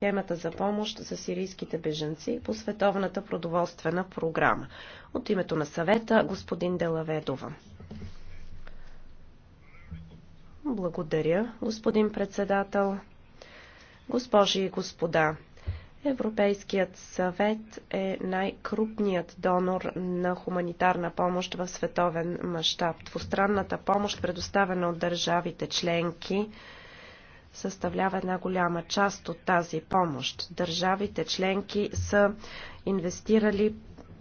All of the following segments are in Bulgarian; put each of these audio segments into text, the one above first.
темата за помощ за сирийските беженци по Световната продоволствена програма. От името на съвета, господин Делаведова. Благодаря, господин председател. Госпожи и господа, Европейският съвет е най-крупният донор на хуманитарна помощ в световен мащаб. Двустранната помощ, предоставена от държавите членки, съставлява една голяма част от тази помощ. Държавите членки са инвестирали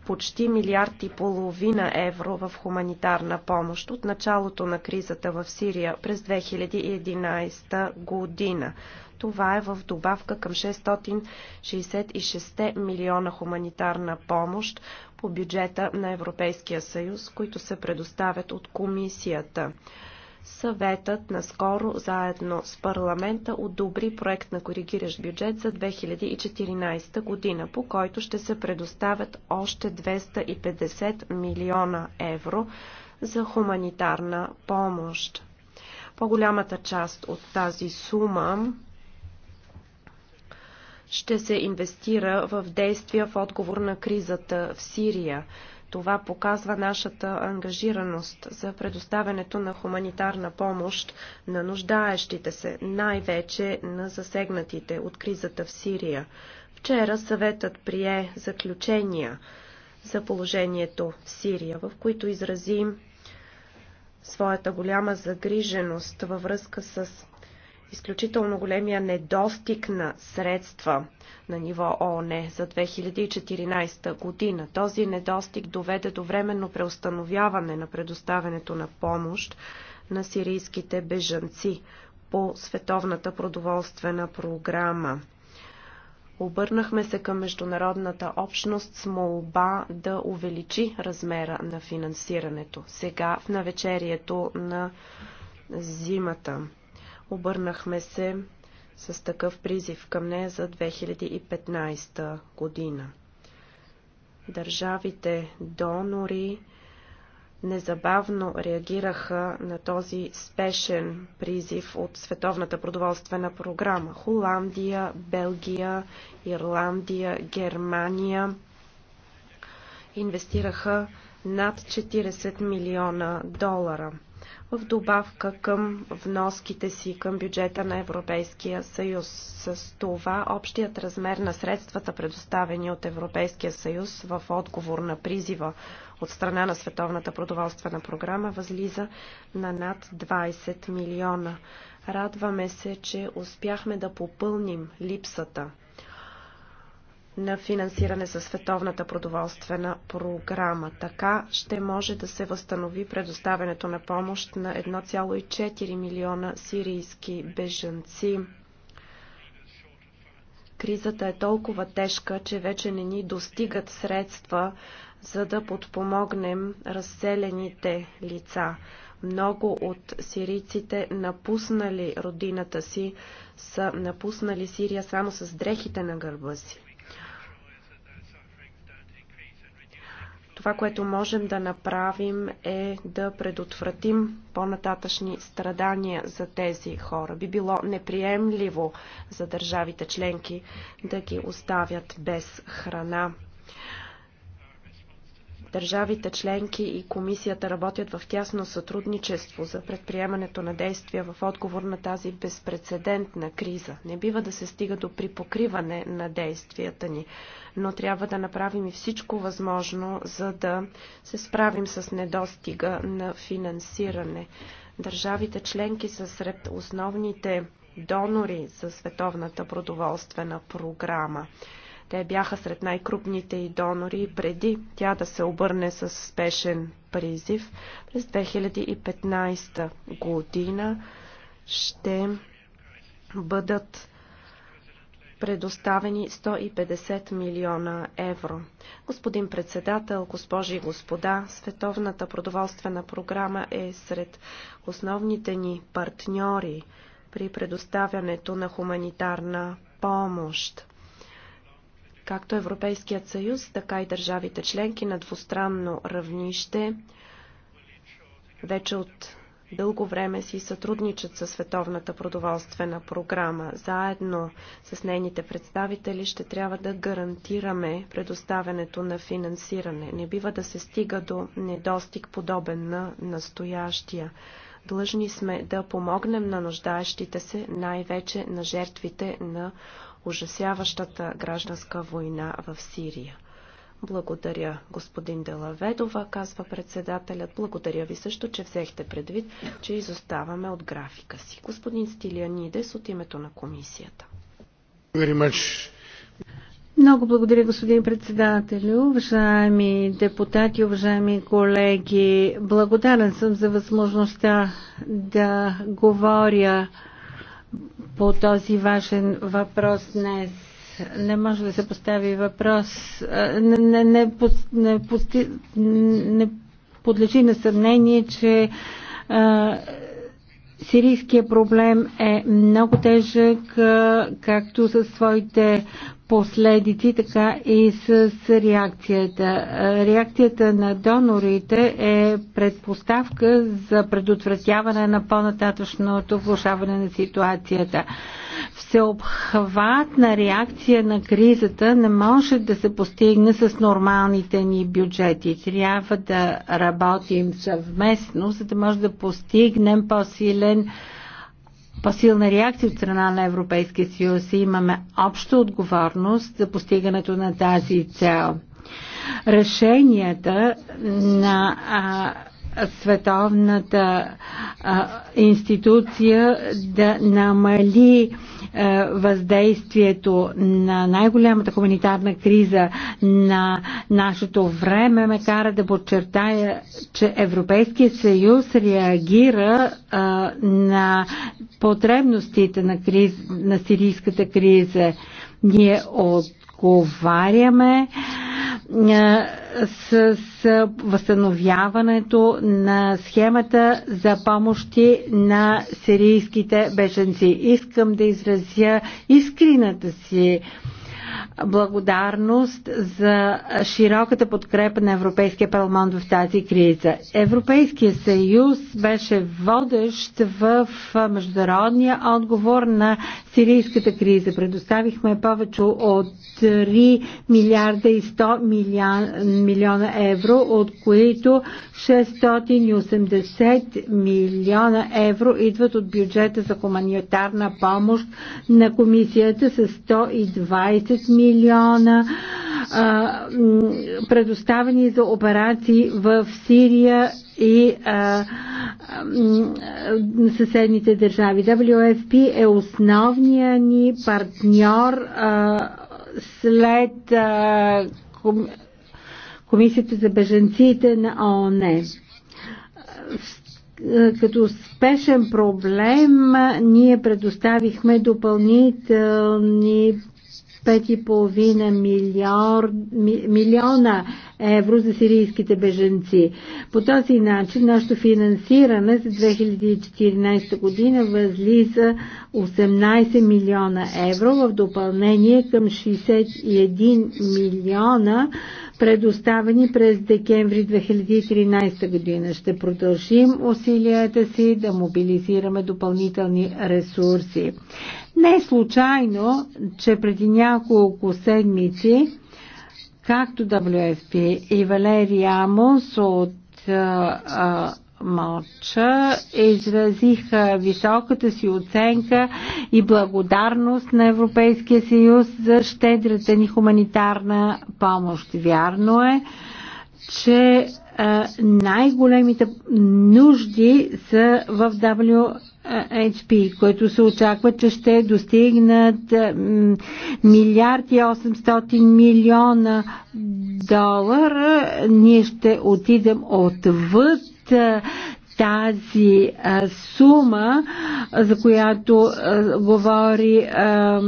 почти милиард и половина евро в хуманитарна помощ от началото на кризата в Сирия през 2011 година. Това е в добавка към 666 милиона хуманитарна помощ по бюджета на Европейския съюз, които се предоставят от комисията. Съветът наскоро заедно с парламента одобри проект на коригиращ бюджет за 2014 година, по който ще се предоставят още 250 милиона евро за хуманитарна помощ. По-голямата част от тази сума ще се инвестира в действия в отговор на кризата в Сирия. Това показва нашата ангажираност за предоставянето на хуманитарна помощ на нуждаещите се, най-вече на засегнатите от кризата в Сирия. Вчера съветът прие заключения за положението в Сирия, в които изрази своята голяма загриженост във връзка с изключително големия недостиг на средства на ниво ООН за 2014 година. Този недостиг доведе до временно преустановяване на предоставянето на помощ на сирийските бежанци по Световната продоволствена програма. Обърнахме се към международната общност с молба да увеличи размера на финансирането сега в навечерието на зимата. Обърнахме се с такъв призив към нея за 2015 година. Държавите донори незабавно реагираха на този спешен призив от Световната продоволствена програма. Холандия, Белгия, Ирландия, Германия инвестираха над 40 милиона долара – в добавка към вноските си към бюджета на Европейския съюз. С това общият размер на средствата, предоставени от Европейския съюз в отговор на призива от страна на Световната продоволствена програма, възлиза на над 20 милиона. Радваме се, че успяхме да попълним липсата на финансиране със Световната продоволствена програма. Така ще може да се възстанови предоставянето на помощ на 1,4 милиона сирийски бежанци. Кризата е толкова тежка, че вече не ни достигат средства, за да подпомогнем разселените лица. Много от сирийците, напуснали родината си, са напуснали Сирия само с дрехите на гърба си. Това, което можем да направим е да предотвратим по-нататъчни страдания за тези хора. Би било неприемливо за държавите членки да ги оставят без храна. Държавите членки и комисията работят в тясно сътрудничество за предприемането на действия в отговор на тази безпредседентна криза. Не бива да се стига до припокриване на действията ни, но трябва да направим и всичко възможно, за да се справим с недостига на финансиране. Държавите членки са сред основните донори за Световната продоволствена програма. Те бяха сред най-крупните и донори преди тя да се обърне с спешен призив. През 2015 година ще бъдат предоставени 150 милиона евро. Господин председател, госпожи и господа, Световната продоволствена програма е сред основните ни партньори при предоставянето на хуманитарна помощ. Както Европейският съюз, така и държавите членки на двустранно равнище вече от дълго време си сътрудничат със Световната продоволствена програма. Заедно с нейните представители ще трябва да гарантираме предоставянето на финансиране. Не бива да се стига до недостиг подобен на настоящия. Длъжни сме да помогнем на нуждаещите се, най-вече на жертвите на ужасяващата гражданска война в Сирия. Благодаря, господин Делаведова, казва председателят. Благодаря ви също, че взехте предвид, че изоставаме от графика си. Господин Стилианидес от името на комисията. Много благодаря, господин председателю, уважаеми депутати, уважаеми колеги. Благодарен съм за възможността да говоря по този важен въпрос днес. Не може да се постави въпрос. Не, не, не, не, не подлежи на съмнение, че а, Сирийския проблем е много тежък, както със своите последици, така и с реакцията. Реакцията на донорите е предпоставка за предотвратяване на по-нататъчното влушаване на ситуацията. Всеобхватна реакция на кризата не може да се постигне с нормалните ни бюджети. Трябва да работим съвместно, за да може да постигнем по-силен по-силна реакция от страна на Европейския съюз и имаме обща отговорност за постигането на тази цел. Решенията на а, световната а, институция да намали е, въздействието на най-голямата хуманитарна криза на нашето време ме кара да подчертая, че Европейския съюз реагира е, на потребностите на, криз, на сирийската криза. Ние отговаряме с възстановяването на схемата за помощи на сирийските беженци. Искам да изразя искрината си благодарност за широката подкрепа на Европейския парламент в тази криза. Европейския съюз беше водещ в международния отговор на сирийската криза. Предоставихме повече от 3 милиарда и 100 милион, милиона евро, от които 680 милиона евро идват от бюджета за хуманитарна помощ на комисията с 120 милиона милиона а, предоставени за операции в Сирия и а, а, съседните държави. WFP е основният ни партньор а, след а, ком, Комисията за беженците на ООН като спешен проблем ние предоставихме допълнителни 5,5 милиор, милиона евро за сирийските беженци. По този начин нашето финансиране за 2014 година възлиза 18 милиона евро в допълнение към 61 милиона евро предоставени през декември 2013 година. Ще продължим усилията си да мобилизираме допълнителни ресурси. Не е случайно, че преди няколко седмици, както WFP и Валерия Амос от мълча, изразиха високата си оценка и благодарност на Европейския съюз за щедрата ни хуманитарна помощ. Вярно е, че най-големите нужди са в WHP, което се очаква, че ще достигнат милиард и 800 милиона долара. Ние ще отидем отвъд тази а, сума, за която а, говори а,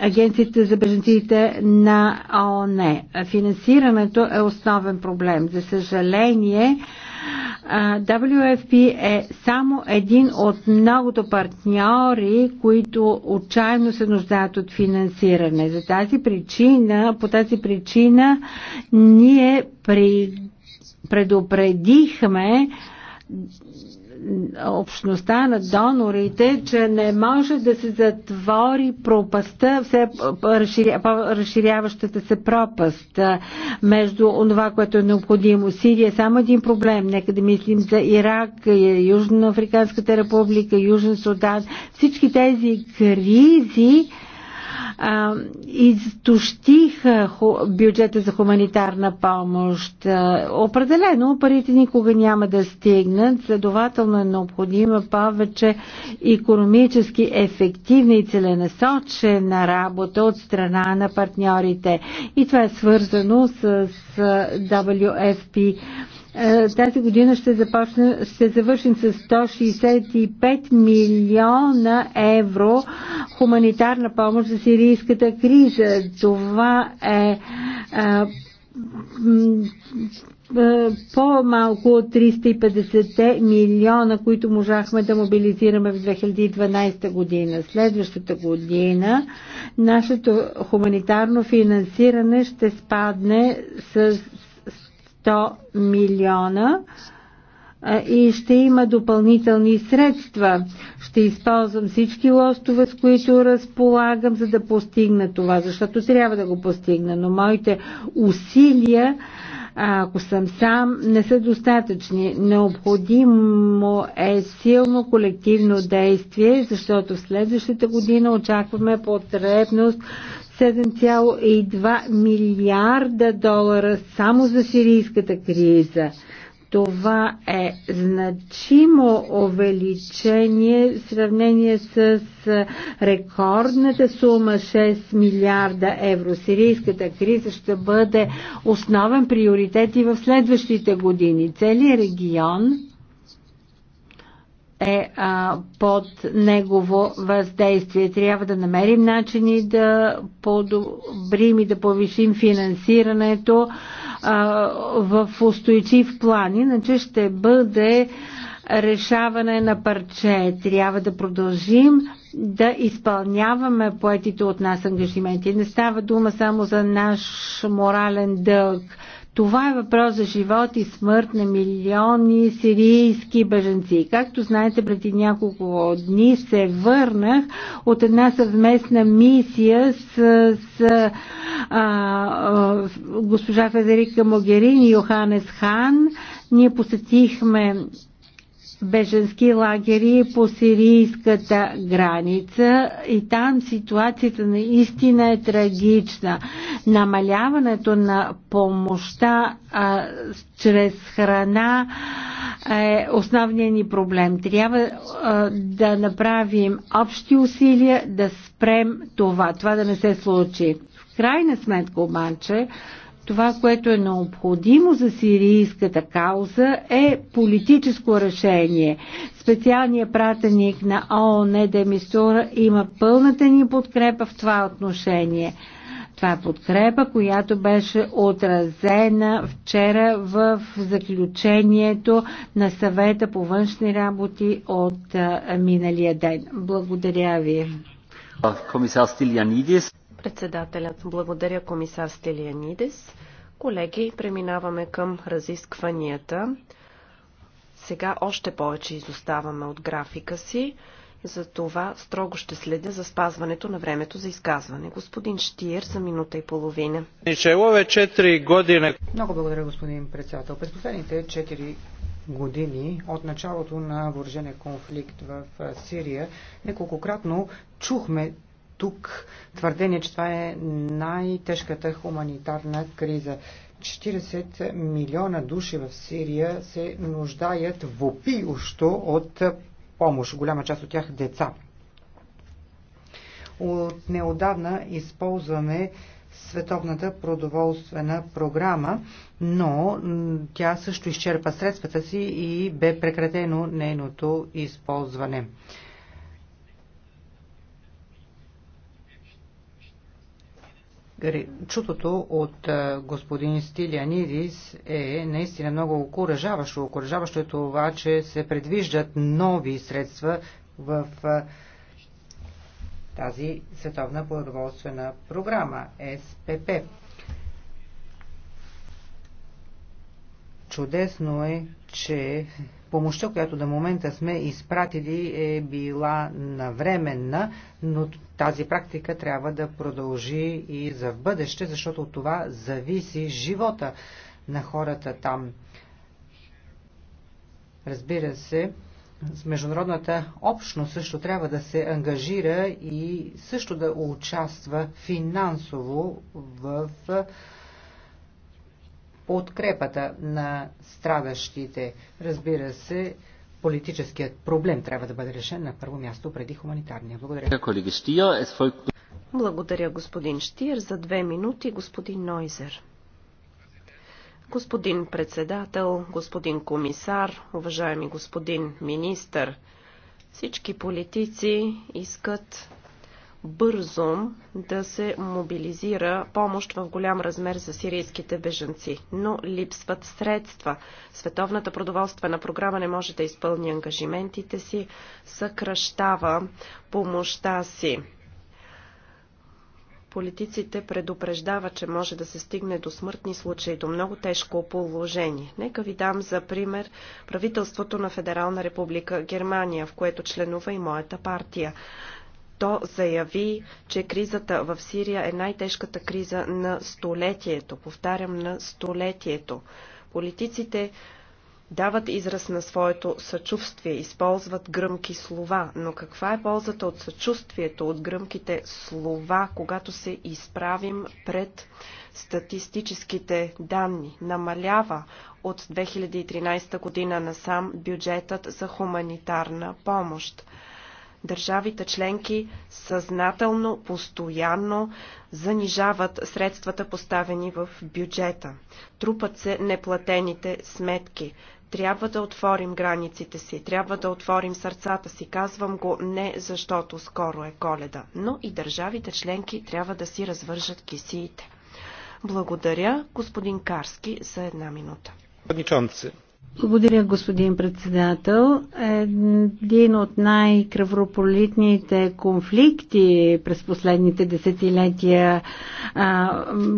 Агенцията за беженците на ООН. Финансирането е основен проблем. За съжаление, WFP е само един от многото партньори, които отчаяно се нуждаят от финансиране. За тази причина, по тази причина ние при предупредихме общността на донорите, че не може да се затвори пропаста, все разширяващата се пропаст между това, което е необходимо. Сирия е само един проблем. Нека да мислим за Ирак, Южноафриканската република, Южен Судан. Всички тези кризи а, изтощиха бюджета за хуманитарна помощ. Определено парите никога няма да стигнат, следователно е необходима повече економически ефективна и целенасочена работа от страна на партньорите. И това е свързано с WFP е, тази година ще, започна, ще завършим с 165 милиона евро хуманитарна помощ за сирийската криза. Това е, е по-малко от 350 милиона, които можахме да мобилизираме в 2012 година. Следващата година нашето хуманитарно финансиране ще спадне с 100 милиона и ще има допълнителни средства. Ще използвам всички лостове, с които разполагам, за да постигна това, защото трябва да го постигна, но моите усилия ако съм сам, не са достатъчни. Необходимо е силно колективно действие, защото в следващата година очакваме потребност 7,2 милиарда долара само за сирийската криза. Това е значимо увеличение в сравнение с рекордната сума 6 милиарда евро. Сирийската криза ще бъде основен приоритет и в следващите години. Целият регион е а, под негово въздействие. Трябва да намерим начини да подобрим и да повишим финансирането а, в устойчив план, иначе ще бъде решаване на парче. Трябва да продължим да изпълняваме поетите от нас ангажименти. Не става дума само за наш морален дълг това е въпрос за живот и смърт на милиони сирийски беженци. Както знаете, преди няколко дни се върнах от една съвместна мисия с, с а, а, госпожа Федерика Могерин и Йоханес Хан. Ние посетихме беженски лагери по сирийската граница и там ситуацията наистина е трагична. Намаляването на помощта а, чрез храна е основният ни проблем. Трябва а, да направим общи усилия да спрем това, това да не се случи. В крайна сметка обаче, това, което е необходимо за сирийската кауза е политическо решение. Специалният пратеник на ООН Демисура има пълната ни подкрепа в това отношение. Това е подкрепа, която беше отразена вчера в заключението на съвета по външни работи от миналия ден. Благодаря ви. Комисар Стилянидис. Председателят благодаря комисар Стелианидис. Колеги, преминаваме към разискванията. Сега още повече изоставаме от графика си, затова строго ще следя за спазването на времето за изказване. Господин Штиер за минута и половина. Много благодаря, господин председател. През последните 4 години от началото на въоръжения конфликт в Сирия, неколкократно чухме тук твърдение, че това е най-тежката хуманитарна криза. 40 милиона души в Сирия се нуждаят вопиощо от помощ, голяма част от тях деца. От неодавна използваме Световната продоволствена програма, но тя също изчерпа средствата си и бе прекратено нейното използване. Чутото от господин Стилианидис е наистина много окоръжаващо. Окоръжаващо е това, че се предвиждат нови средства в тази световна продоволствена програма СПП. Чудесно е, че помощта, която до момента сме изпратили е била навременна, но тази практика трябва да продължи и за в бъдеще, защото от това зависи живота на хората там. Разбира се, с международната общност също трябва да се ангажира и също да участва финансово в подкрепата на страдащите. Разбира се, политическият проблем трябва да бъде решен на първо място преди хуманитарния. Благодаря. Е Благодаря, господин Штир. За две минути господин Нойзер. Господин председател, господин комисар, уважаеми господин министър, всички политици искат бързо да се мобилизира помощ в голям размер за сирийските бежанци, но липсват средства. Световната продоволствена програма не може да изпълни ангажиментите си, съкръщава помощта си. Политиците предупреждават, че може да се стигне до смъртни случаи, до много тежко положение. Нека ви дам за пример правителството на Федерална република Германия, в което членува и моята партия. То заяви, че кризата в Сирия е най-тежката криза на столетието. Повтарям, на столетието. Политиците дават израз на своето съчувствие, използват гръмки слова, но каква е ползата от съчувствието, от гръмките слова, когато се изправим пред статистическите данни? Намалява от 2013 година насам бюджетът за хуманитарна помощ държавите членки съзнателно, постоянно занижават средствата поставени в бюджета. Трупат се неплатените сметки. Трябва да отворим границите си, трябва да отворим сърцата си. Казвам го не защото скоро е коледа, но и държавите членки трябва да си развържат кисиите. Благодаря, господин Карски, за една минута. Благодаря, господин председател. Един от най кръвропролитните конфликти през последните десетилетия,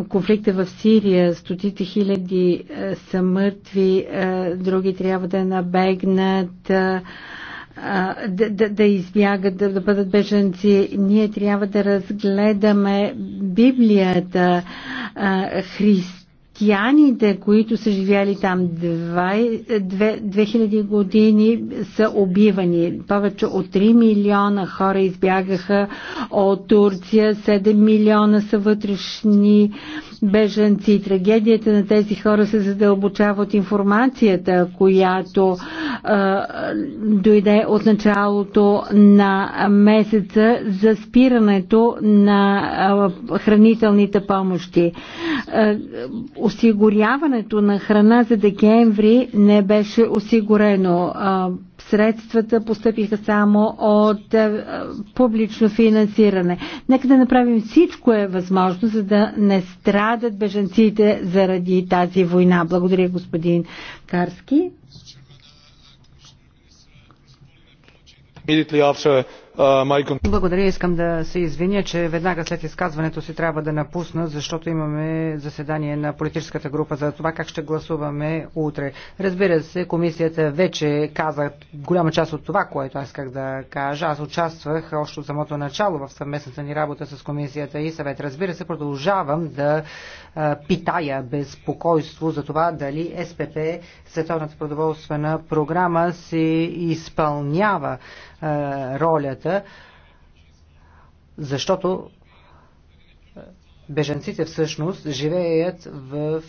конфликта в Сирия, стотици хиляди са мъртви, други трябва да набегнат да, да, да избягат, да, да бъдат беженци. Ние трябва да разгледаме Библията, Христа християните, които са живяли там 2000 години, са убивани. Повече от 3 милиона хора избягаха от Турция, 7 милиона са вътрешни беженци. Трагедията на тези хора се задълбочава от информацията, която е, дойде от началото на месеца за спирането на е, хранителните помощи. Е, осигуряването на храна за декември не беше осигурено. Е, средствата постъпиха само от публично финансиране. Нека да направим всичко е възможно, за да не страдат беженците заради тази война. Благодаря, господин Карски. Благодаря. Искам да се извиня, че веднага след изказването си трябва да напусна, защото имаме заседание на политическата група за това как ще гласуваме утре. Разбира се, комисията вече каза голяма част от това, което аз исках да кажа. Аз участвах още от самото начало в съвместната ни работа с комисията и съвет. Разбира се, продължавам да питая безпокойство за това дали СПП, Световната продоволствена програма, си изпълнява ролята, защото беженците всъщност живеят в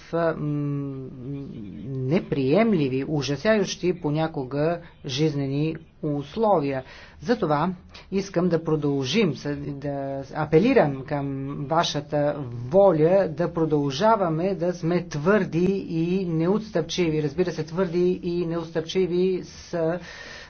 неприемливи, ужасяващи понякога жизнени условия. Затова искам да продължим, да апелирам към вашата воля да продължаваме да сме твърди и неотстъпчиви. Разбира се, твърди и неотстъпчиви са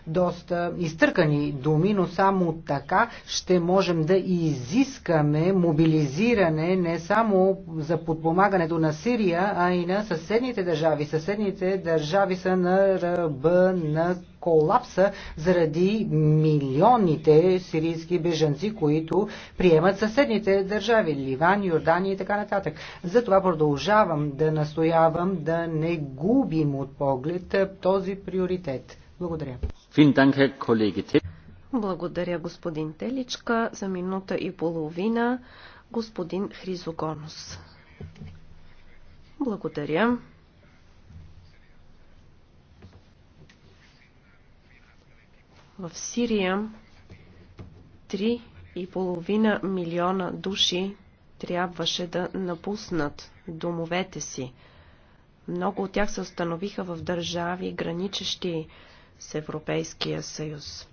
доста изтъркани думи, но само така ще можем да изискаме мобилизиране не само за подпомагането на Сирия, а и на съседните държави. Съседните държави са на ръба на колапса заради милионите сирийски бежанци, които приемат съседните държави Ливан, Йордания и така нататък. Затова продължавам да настоявам да не губим от поглед този приоритет. Благодаря. Благодаря, господин Теличка. За минута и половина господин Хризогонос. Благодаря. В Сирия половина милиона души трябваше да напуснат домовете си. Много от тях се установиха в държави, граничещи с Европейския съюз.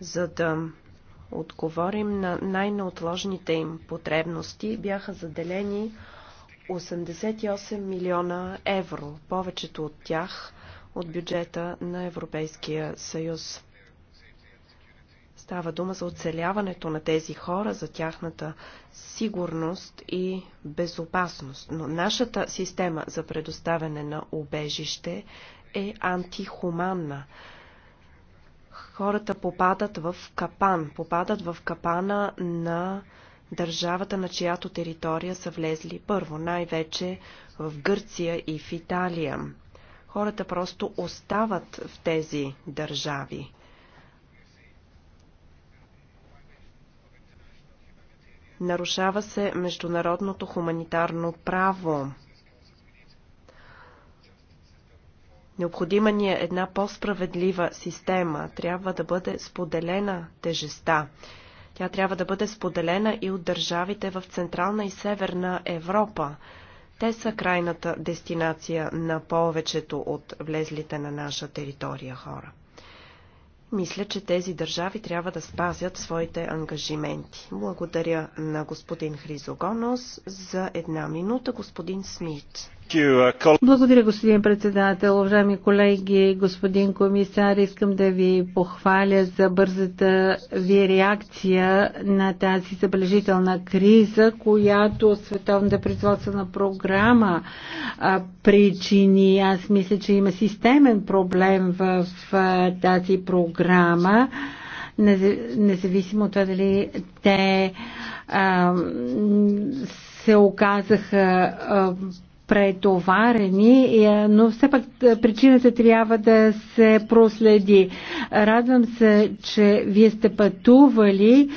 За да отговорим на най-неотложните им потребности, бяха заделени 88 милиона евро, повечето от тях от бюджета на Европейския съюз. Става дума за оцеляването на тези хора, за тяхната сигурност и безопасност. Но нашата система за предоставяне на убежище е антихуманна. Хората попадат в капан, попадат в капана на държавата, на чиято територия са влезли първо, най-вече в Гърция и в Италия. Хората просто остават в тези държави. Нарушава се международното хуманитарно право. Необходима ни е една по-справедлива система. Трябва да бъде споделена тежеста. Тя трябва да бъде споделена и от държавите в Централна и Северна Европа. Те са крайната дестинация на повечето от влезлите на наша територия хора. Мисля, че тези държави трябва да спазят своите ангажименти. Благодаря на господин Хризогонос за една минута, господин Смит. Uh, Благодаря, господин председател. Уважаеми колеги, господин комисар, искам да ви похваля за бързата ви реакция на тази забележителна криза, която Световната производствена програма причини. Аз мисля, че има системен проблем в тази програма независимо от това дали те се оказаха а, претоварени, е, но все пак е, причината трябва да се проследи. Радвам се, че вие сте пътували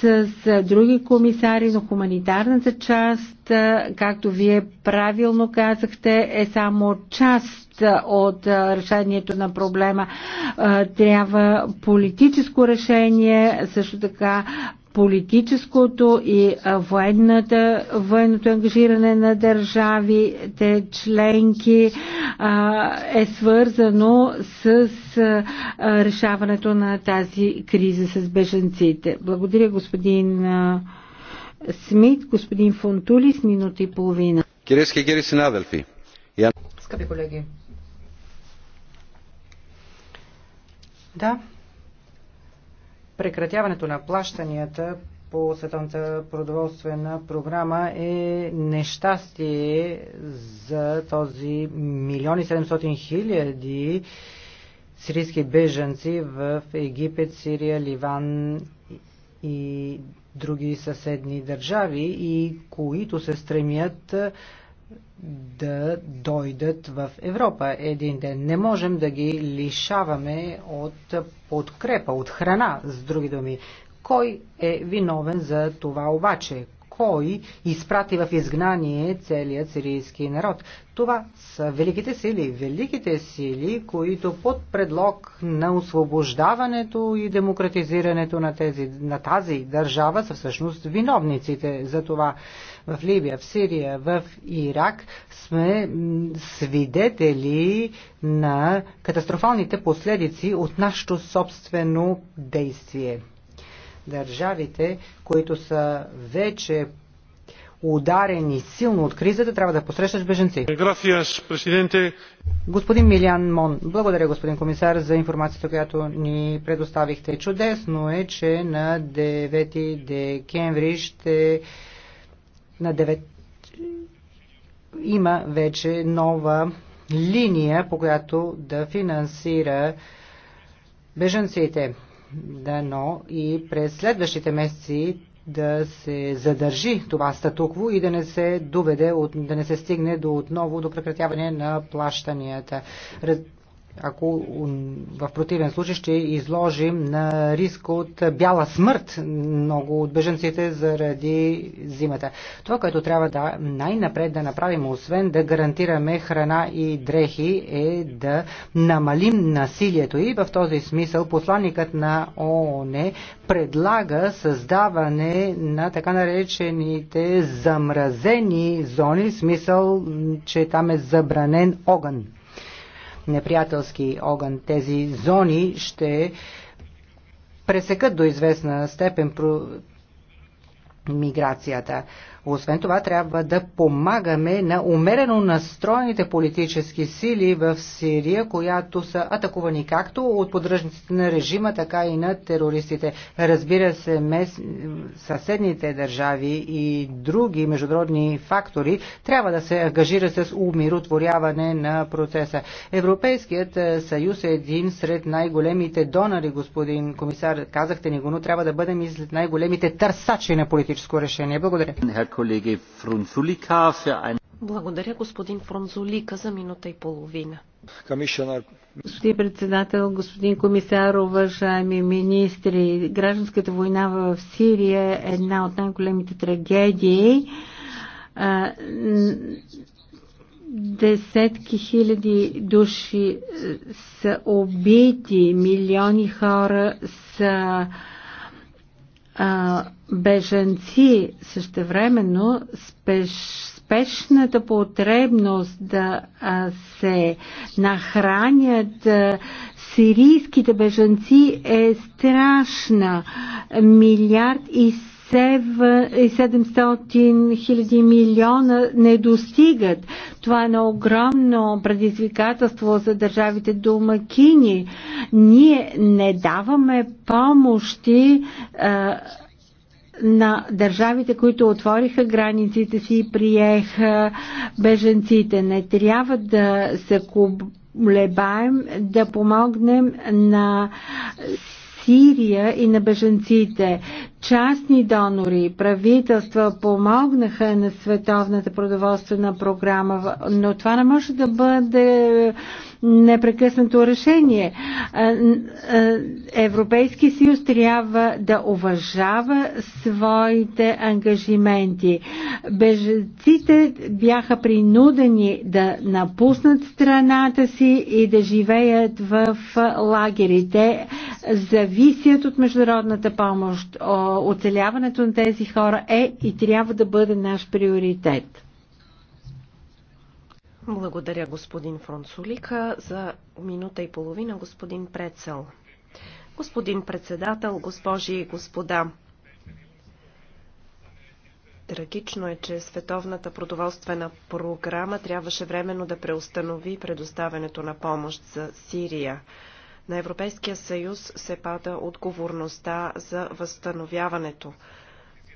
с е, други комисари, но хуманитарната част, както вие правилно казахте, е само част от решението на проблема. Трябва политическо решение, също така политическото и военната, военното ангажиране на държавите членки а, е свързано с а, решаването на тази криза с беженците. Благодаря господин а, Смит, господин Фонтулис, минута и половина. Кирески Кири Синадълфи. Скъпи колеги, да, прекратяването на плащанията по Световната продоволствена програма е нещастие за този милиони 700 хиляди сирийски беженци в Египет, Сирия, Ливан и други съседни държави и които се стремят да дойдат в Европа един ден. Не можем да ги лишаваме от подкрепа, от храна, с други думи. Кой е виновен за това обаче? Кой изпрати в изгнание целият сирийски народ? Това са великите сили, великите сили, които под предлог на освобождаването и демократизирането на, тези, на тази държава са всъщност виновниците за това в Либия, в Сирия, в Ирак сме свидетели на катастрофалните последици от нашето собствено действие. Държавите, които са вече ударени силно от кризата, трябва да посрещат беженци. Господин Милиан Мон, благодаря господин комисар за информацията, която ни предоставихте. Чудесно е, че на 9 декември ще на 9 има вече нова линия, по която да финансира беженците. Дано и през следващите месеци да се задържи това статукво и да не се доведе, да не се стигне до отново до прекратяване на плащанията ако в противен случай ще изложим на риск от бяла смърт много от беженците заради зимата. Това, което трябва да най-напред да направим, освен да гарантираме храна и дрехи, е да намалим насилието. И в този смисъл посланникът на ООН предлага създаване на така наречените замразени зони, в смисъл, че там е забранен огън неприятелски огън тези зони ще пресекат до известна степен миграцията. Освен това, трябва да помагаме на умерено настроените политически сили в Сирия, която са атакувани както от поддръжниците на режима, така и на терористите. Разбира се, мес... съседните държави и други международни фактори трябва да се ангажира с умиротворяване на процеса. Европейският е, съюз е един сред най-големите донари, господин комисар. Казахте ни го, но трябва да бъдем и сред най-големите търсачи на политическо решение. Благодаря. Благодаря, господин Фрунзулика, за минута и половина. Господин председател, господин комисар, уважаеми министри, гражданската война в Сирия е една от най-големите трагедии. Десетки хиляди души са убити, милиони хора са а, беженци. Същевременно спеш, спешната потребност да а, се нахранят а, сирийските беженци е страшна. Милиард и 700 хиляди милиона не достигат. Това е на огромно предизвикателство за държавите домакини. Ние не даваме помощи а, на държавите, които отвориха границите си и приеха беженците. Не трябва да се колебаем, да помогнем на Сирия и на беженците частни донори, правителства помогнаха на Световната продоволствена програма, но това не може да бъде непрекъснато решение. Е, е, Европейски съюз трябва да уважава своите ангажименти. Бежеците бяха принудени да напуснат страната си и да живеят в лагерите. Зависят от международната помощ, оцеляването на тези хора е и трябва да бъде наш приоритет. Благодаря, господин Фронсулика. За минута и половина, господин Прецел. Господин председател, госпожи и господа, Трагично е, че Световната продоволствена програма трябваше временно да преустанови предоставянето на помощ за Сирия. На Европейския съюз се пада отговорността за възстановяването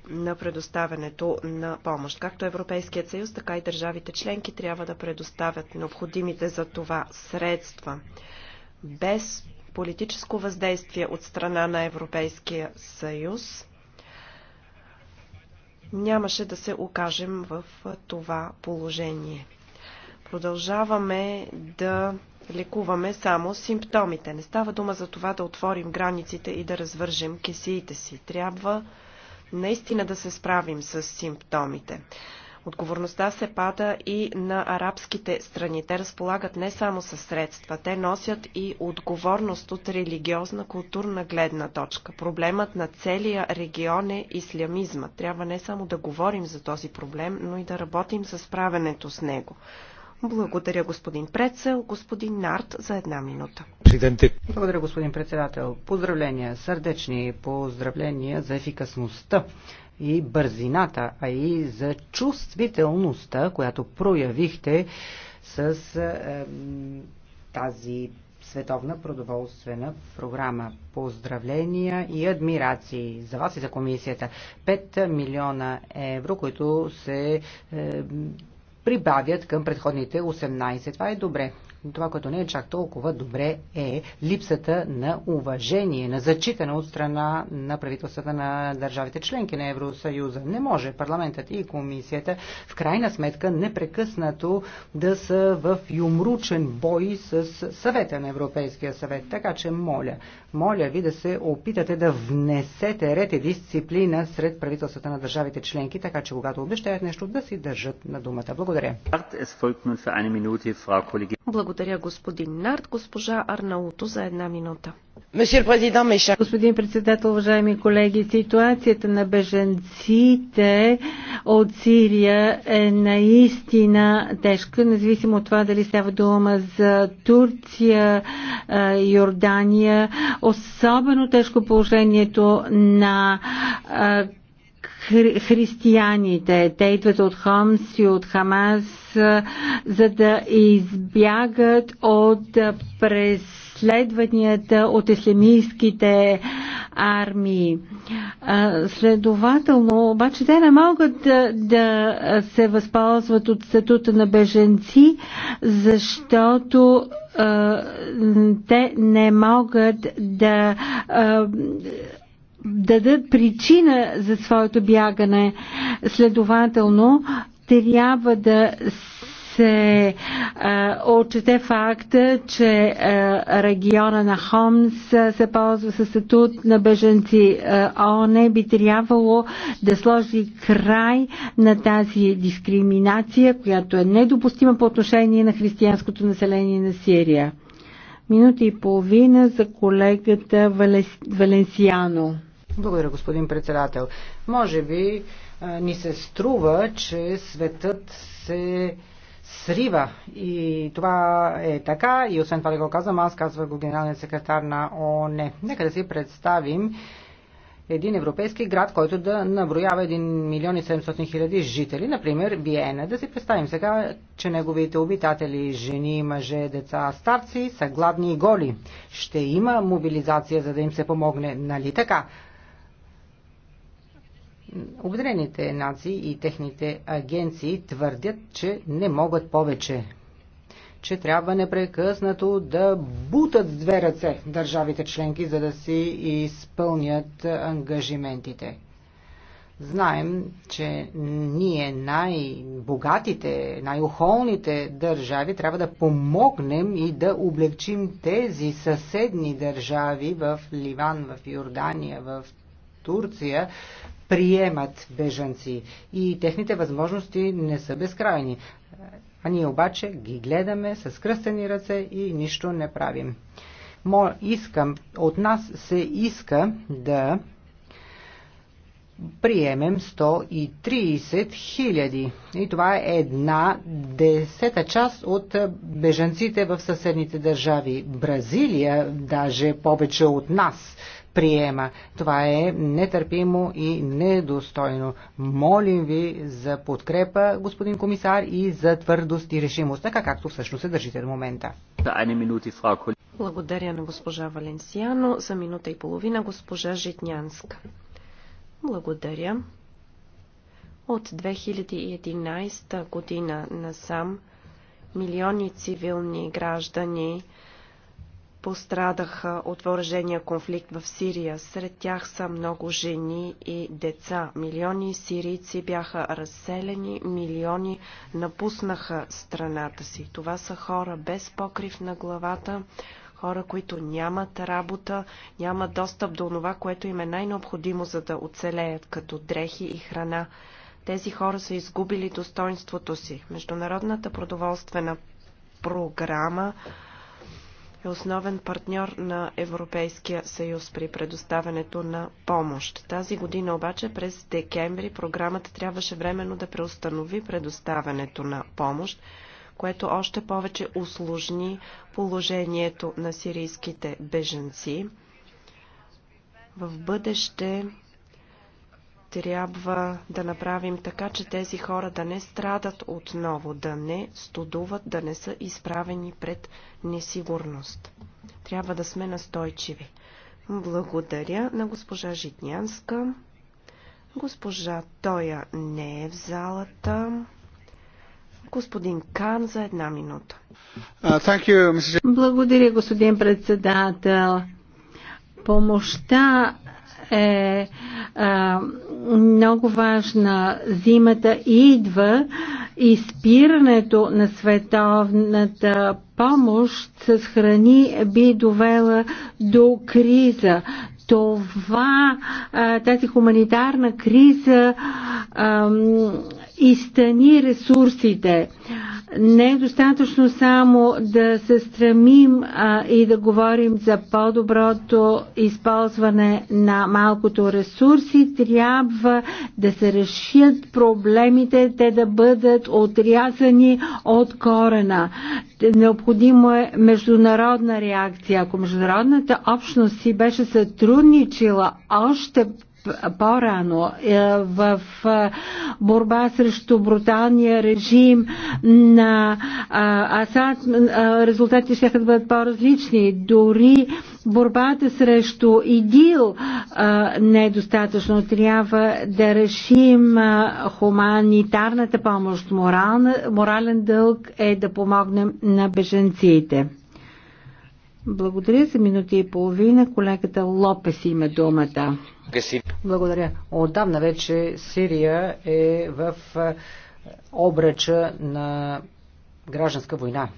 на предоставянето на помощ. Както Европейският съюз, така и държавите членки трябва да предоставят необходимите за това средства. Без политическо въздействие от страна на Европейския съюз нямаше да се окажем в това положение. Продължаваме да лекуваме само симптомите. Не става дума за това да отворим границите и да развържем кесиите си. Трябва наистина да се справим с симптомите. Отговорността се пада и на арабските страни. Те разполагат не само със средства, те носят и отговорност от религиозна културна гледна точка. Проблемът на целия регион е ислямизма. Трябва не само да говорим за този проблем, но и да работим за справенето с него. Благодаря, господин Прецел. Господин Нарт за една минута. Благодаря, господин председател. Поздравления, сърдечни поздравления за ефикасността и бързината, а и за чувствителността, която проявихте с е, тази световна продоволствена програма. Поздравления и адмирации за вас и за комисията. 5 милиона евро, които се е, прибавят към предходните 18. Това е добре. Това, което не е чак толкова добре е липсата на уважение, на зачитане от страна на правителствата на държавите членки на Евросъюза. Не може парламентът и комисията в крайна сметка непрекъснато да са в юмручен бой с съвета на Европейския съвет. Така че моля, моля ви да се опитате да внесете ред и дисциплина сред правителствата на държавите членки, така че когато обещаят нещо да си държат на думата. Благодаря. Благодаря. Благодаря господин Нарт. Госпожа Арнауто за една минута. Господин председател, уважаеми колеги, ситуацията на беженците от Сирия е наистина тежка, независимо от това дали става дума за Турция, Йордания. Особено тежко положението на хри- християните. Те идват от Хомс и от Хамас за да избягат от преследванията от еслемийските армии. Следователно, обаче те не могат да, да се възползват от статута на беженци, защото те не могат да дадат причина за своето бягане. Следователно, трябва да се а, отчете факта, че а, региона на Хомс се ползва със статут на беженци. ООН би трябвало да сложи край на тази дискриминация, която е недопустима по отношение на християнското население на Сирия. Минута и половина за колегата Валенсиано. Благодаря, господин председател. Може би ни се струва, че светът се срива. И това е така. И освен това да го казвам, аз казвам го генералният секретар на ООН. Нека да си представим един европейски град, който да наброява 1 милион и 700 хиляди жители, например Виена. Да си представим сега, че неговите обитатели, жени, мъже, деца, старци са гладни и голи. Ще има мобилизация, за да им се помогне, нали така? Обедрените нации и техните агенции твърдят, че не могат повече че трябва непрекъснато да бутат с две ръце държавите членки, за да си изпълнят ангажиментите. Знаем, че ние най-богатите, най-охолните държави трябва да помогнем и да облегчим тези съседни държави в Ливан, в Йордания, в Турция, приемат бежанци и техните възможности не са безкрайни. А ние обаче ги гледаме с кръстени ръце и нищо не правим. Мо, искам, от нас се иска да приемем 130 хиляди. И това е една десета част от бежанците в съседните държави. Бразилия даже повече от нас приема. Това е нетърпимо и недостойно. Молим ви за подкрепа, господин комисар, и за твърдост и решимост, така както всъщност се държите до момента. Благодаря на госпожа Валенсиано. За минута и половина госпожа Житнянска. Благодаря. От 2011 година насам милиони цивилни граждани пострадаха от въоръжения конфликт в Сирия. Сред тях са много жени и деца. Милиони сирийци бяха разселени, милиони напуснаха страната си. Това са хора без покрив на главата, хора, които нямат работа, нямат достъп до това, което им е най-необходимо, за да оцелеят, като дрехи и храна. Тези хора са изгубили достоинството си. Международната продоволствена програма е основен партньор на Европейския съюз при предоставянето на помощ. Тази година обаче през декември програмата трябваше временно да преустанови предоставянето на помощ, което още повече усложни положението на сирийските беженци. В бъдеще трябва да направим така, че тези хора да не страдат отново, да не студуват, да не са изправени пред несигурност. Трябва да сме настойчиви. Благодаря на госпожа Житнянска. Госпожа Тоя не е в залата. Господин Кан за една минута. Благодаря, господин председател. Помощта е а, много важна. Зимата идва и спирането на световната помощ с храни би довела до криза. Това, а, тази хуманитарна криза а, изтъни ресурсите. А, не е достатъчно само да се стремим а, и да говорим за по-доброто използване на малкото ресурси. Трябва да се решат проблемите, те да бъдат отрязани от корена. Необходимо е международна реакция. Ако международната общност си беше сътрудничила още по-рано е, в е, борба срещу бруталния режим на Асад, е, резултатите ще да бъдат по-различни. Дори борбата срещу ИДИЛ не е достатъчно. Трябва да решим хуманитарната помощ. Морална, морален дълг е да помогнем на беженците. Благодаря за минути и половина. Колегата Лопес има думата. Благодаря. Отдавна вече Сирия е в обръча на гражданска война.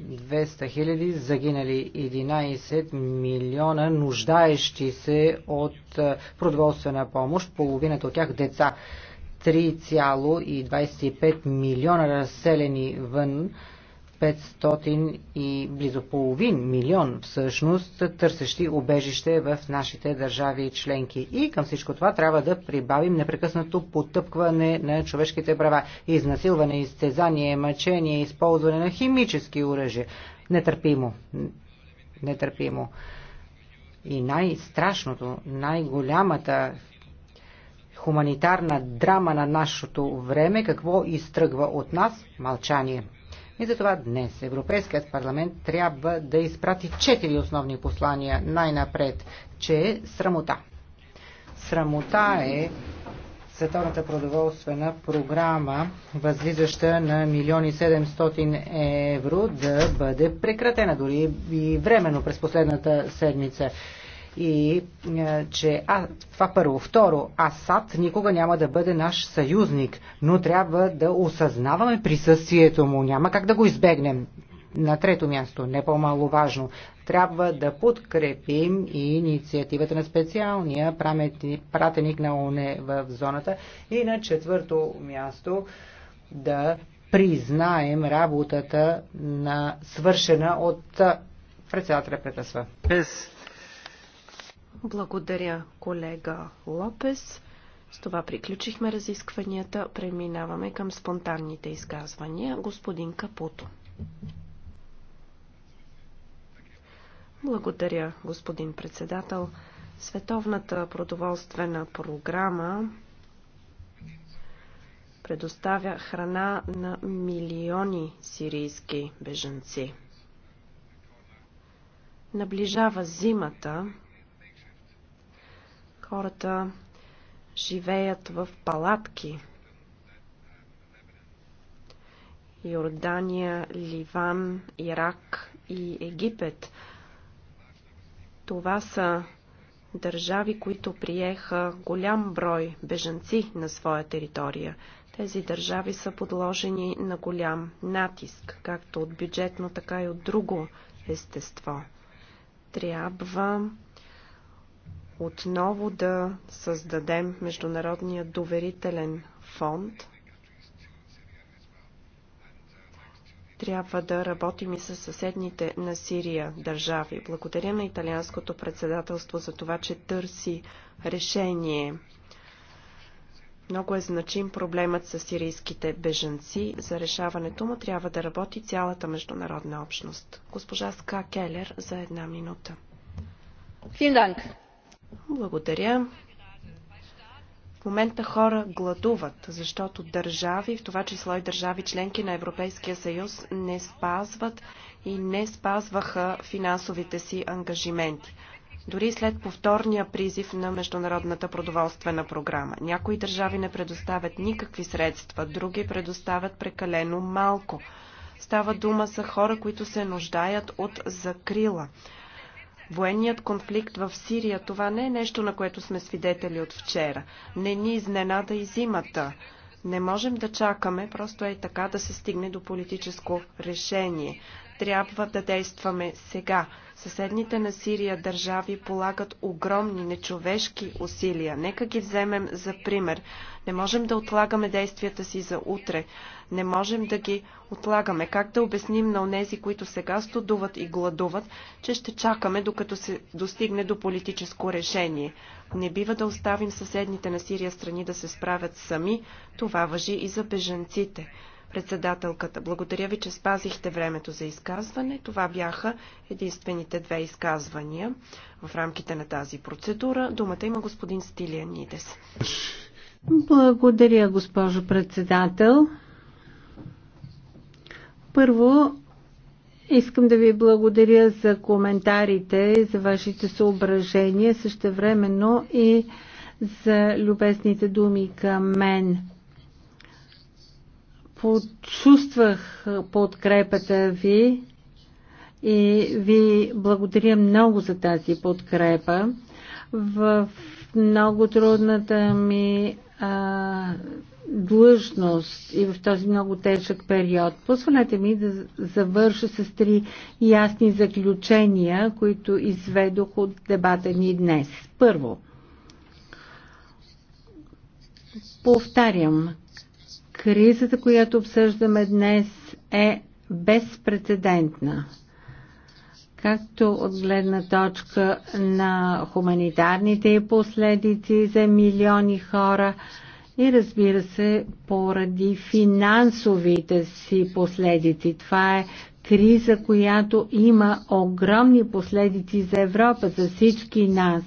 200 хиляди загинали, 11 милиона нуждаещи се от продоволствена помощ, половината от тях деца. 3,25 милиона разселени вън 500 и близо половин милион всъщност търсещи обежище в нашите държави и членки. И към всичко това трябва да прибавим непрекъснато потъпкване на човешките права, изнасилване, изтезание, мъчение, използване на химически оръжия. Нетърпимо. Нетърпимо. И най-страшното, най-голямата хуманитарна драма на нашето време, какво изтръгва от нас? Мълчание. И затова днес Европейският парламент трябва да изпрати четири основни послания най-напред, че е срамота. Срамота е Световната продоволствена програма, възлизаща на милиони 700 евро, да бъде прекратена дори и временно през последната седмица и е, че а, това първо. Второ, Асад никога няма да бъде наш съюзник, но трябва да осъзнаваме присъствието му. Няма как да го избегнем. На трето място, не по мало важно. трябва да подкрепим и инициативата на специалния пратеник на ОНЕ в зоната. И на четвърто място да признаем работата на свършена от председателя Петъсва. Без благодаря, колега Лопес. С това приключихме разискванията. Преминаваме към спонтанните изказвания. Господин Капуто. Благодаря, господин председател. Световната продоволствена програма предоставя храна на милиони сирийски беженци. Наближава зимата, Хората живеят в палатки. Йордания, Ливан, Ирак и Египет. Това са държави, които приеха голям брой бежанци на своя територия. Тези държави са подложени на голям натиск, както от бюджетно, така и от друго естество. Трябва отново да създадем Международния доверителен фонд. Трябва да работим и с съседните на Сирия държави. Благодаря на италианското председателство за това, че търси решение. Много е значим проблемът с сирийските бежанци. За решаването му трябва да работи цялата международна общност. Госпожа Ска Келер за една минута. Благодаря. Благодаря. В момента хора гладуват, защото държави, в това число и държави членки на Европейския съюз, не спазват и не спазваха финансовите си ангажименти. Дори след повторния призив на Международната продоволствена програма. Някои държави не предоставят никакви средства, други предоставят прекалено малко. Става дума за хора, които се нуждаят от закрила. Военният конфликт в Сирия, това не е нещо, на което сме свидетели от вчера. Не ни изненада и зимата. Не можем да чакаме, просто е така да се стигне до политическо решение трябва да действаме сега. Съседните на Сирия държави полагат огромни нечовешки усилия. Нека ги вземем за пример. Не можем да отлагаме действията си за утре. Не можем да ги отлагаме. Как да обясним на онези, които сега студуват и гладуват, че ще чакаме докато се достигне до политическо решение? Не бива да оставим съседните на Сирия страни да се справят сами. Това въжи и за бежанците. Председателката, благодаря ви, че спазихте времето за изказване. Това бяха единствените две изказвания в рамките на тази процедура. Думата има господин Стилиан Нидес. Благодаря, госпожо председател. Първо, искам да ви благодаря за коментарите, за вашите съображения, същевременно и за любезните думи към мен почувствах подкрепата ви и ви благодаря много за тази подкрепа. В много трудната ми а, длъжност и в този много тежък период. Позволете ми да завърша с три ясни заключения, които изведох от дебата ни днес. Първо, повтарям, Кризата, която обсъждаме днес е безпредседентна. Както от гледна точка на хуманитарните последици за милиони хора, и разбира се, поради финансовите си последици. Това е криза, която има огромни последици за Европа, за всички нас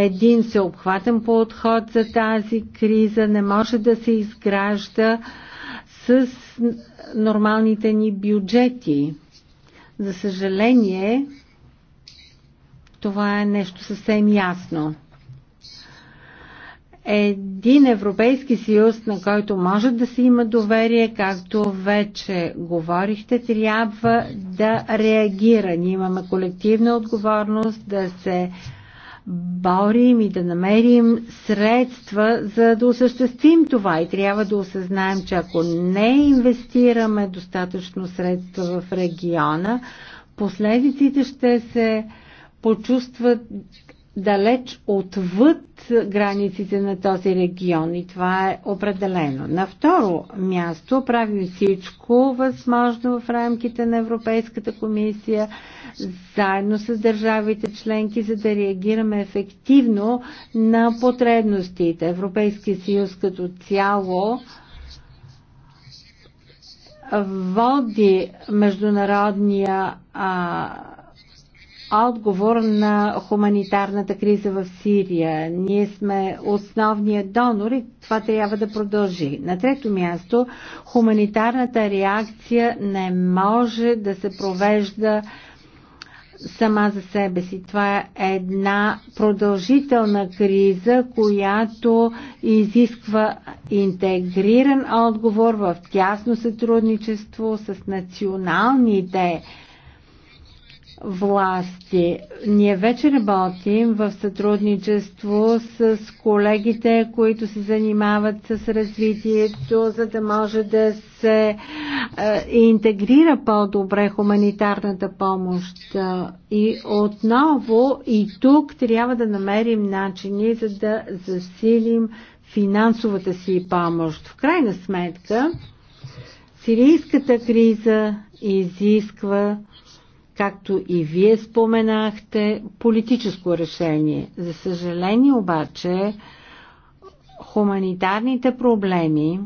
един всеобхватен подход за тази криза, не може да се изгражда с нормалните ни бюджети. За съжаление, това е нещо съвсем ясно. Един Европейски съюз, на който може да се има доверие, както вече говорихте, трябва да реагира. Ние имаме колективна отговорност да се борим и да намерим средства, за да осъществим това. И трябва да осъзнаем, че ако не инвестираме достатъчно средства в региона, последиците ще се почувстват далеч отвъд границите на този регион и това е определено. На второ място правим всичко възможно в рамките на Европейската комисия заедно с държавите членки, за да реагираме ефективно на потребностите. Европейския съюз като цяло води международния а, отговор на хуманитарната криза в Сирия. Ние сме основния донор и това трябва да продължи. На трето място, хуманитарната реакция не може да се провежда сама за себе си. Това е една продължителна криза, която изисква интегриран отговор в тясно сътрудничество с националните власти. Ние вече работим в сътрудничество с колегите, които се занимават с развитието, за да може да се е, интегрира по-добре хуманитарната помощ. Е, и отново и тук трябва да намерим начини, за да засилим финансовата си помощ. В крайна сметка, сирийската криза изисква както и вие споменахте, политическо решение. За съжаление обаче, хуманитарните проблеми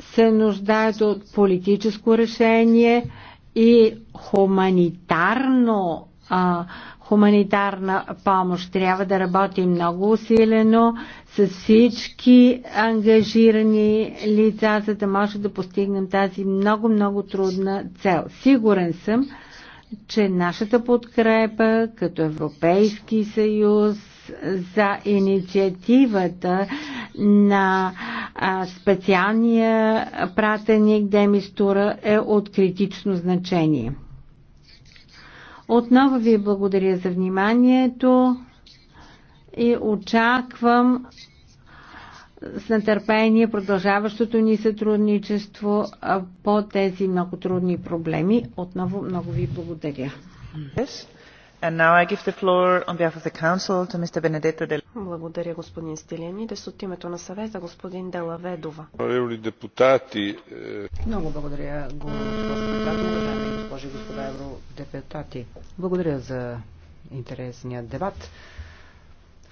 се нуждаят от политическо решение и хуманитарно а, хуманитарна помощ. Трябва да работим много усилено с всички ангажирани лица, за да може да постигнем тази много-много трудна цел. Сигурен съм, че нашата подкрепа като Европейски съюз за инициативата на специалния пратеник Демистура е от критично значение. Отново ви благодаря за вниманието и очаквам с нетърпение продължаващото ни сътрудничество по тези много трудни проблеми. Отново много ви благодаря. Благодаря, господин Стилянидес. От името на съвета, господин Делаведова. депутати. Е, Много благодаря, госпожи и господа евродепутати. Благодаря за интересния дебат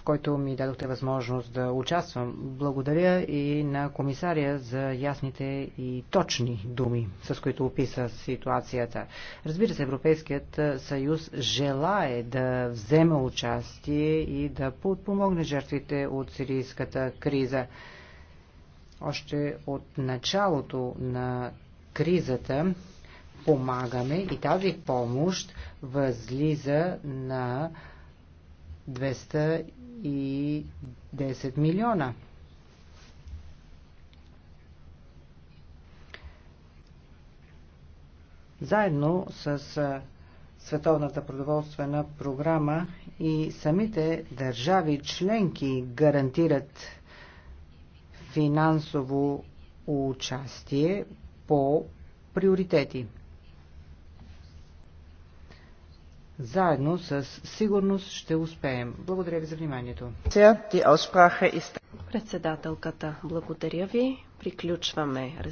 който ми дадохте възможност да участвам. Благодаря и на комисария за ясните и точни думи, с които описа ситуацията. Разбира се, Европейският съюз желае да вземе участие и да подпомогне жертвите от сирийската криза. Още от началото на кризата помагаме и тази помощ възлиза на 210 милиона. Заедно с Световната продоволствена програма и самите държави членки гарантират финансово участие по приоритети. заедно с сигурност ще успеем. Благодаря ви за вниманието. Председателката, благодаря ви. Приключваме.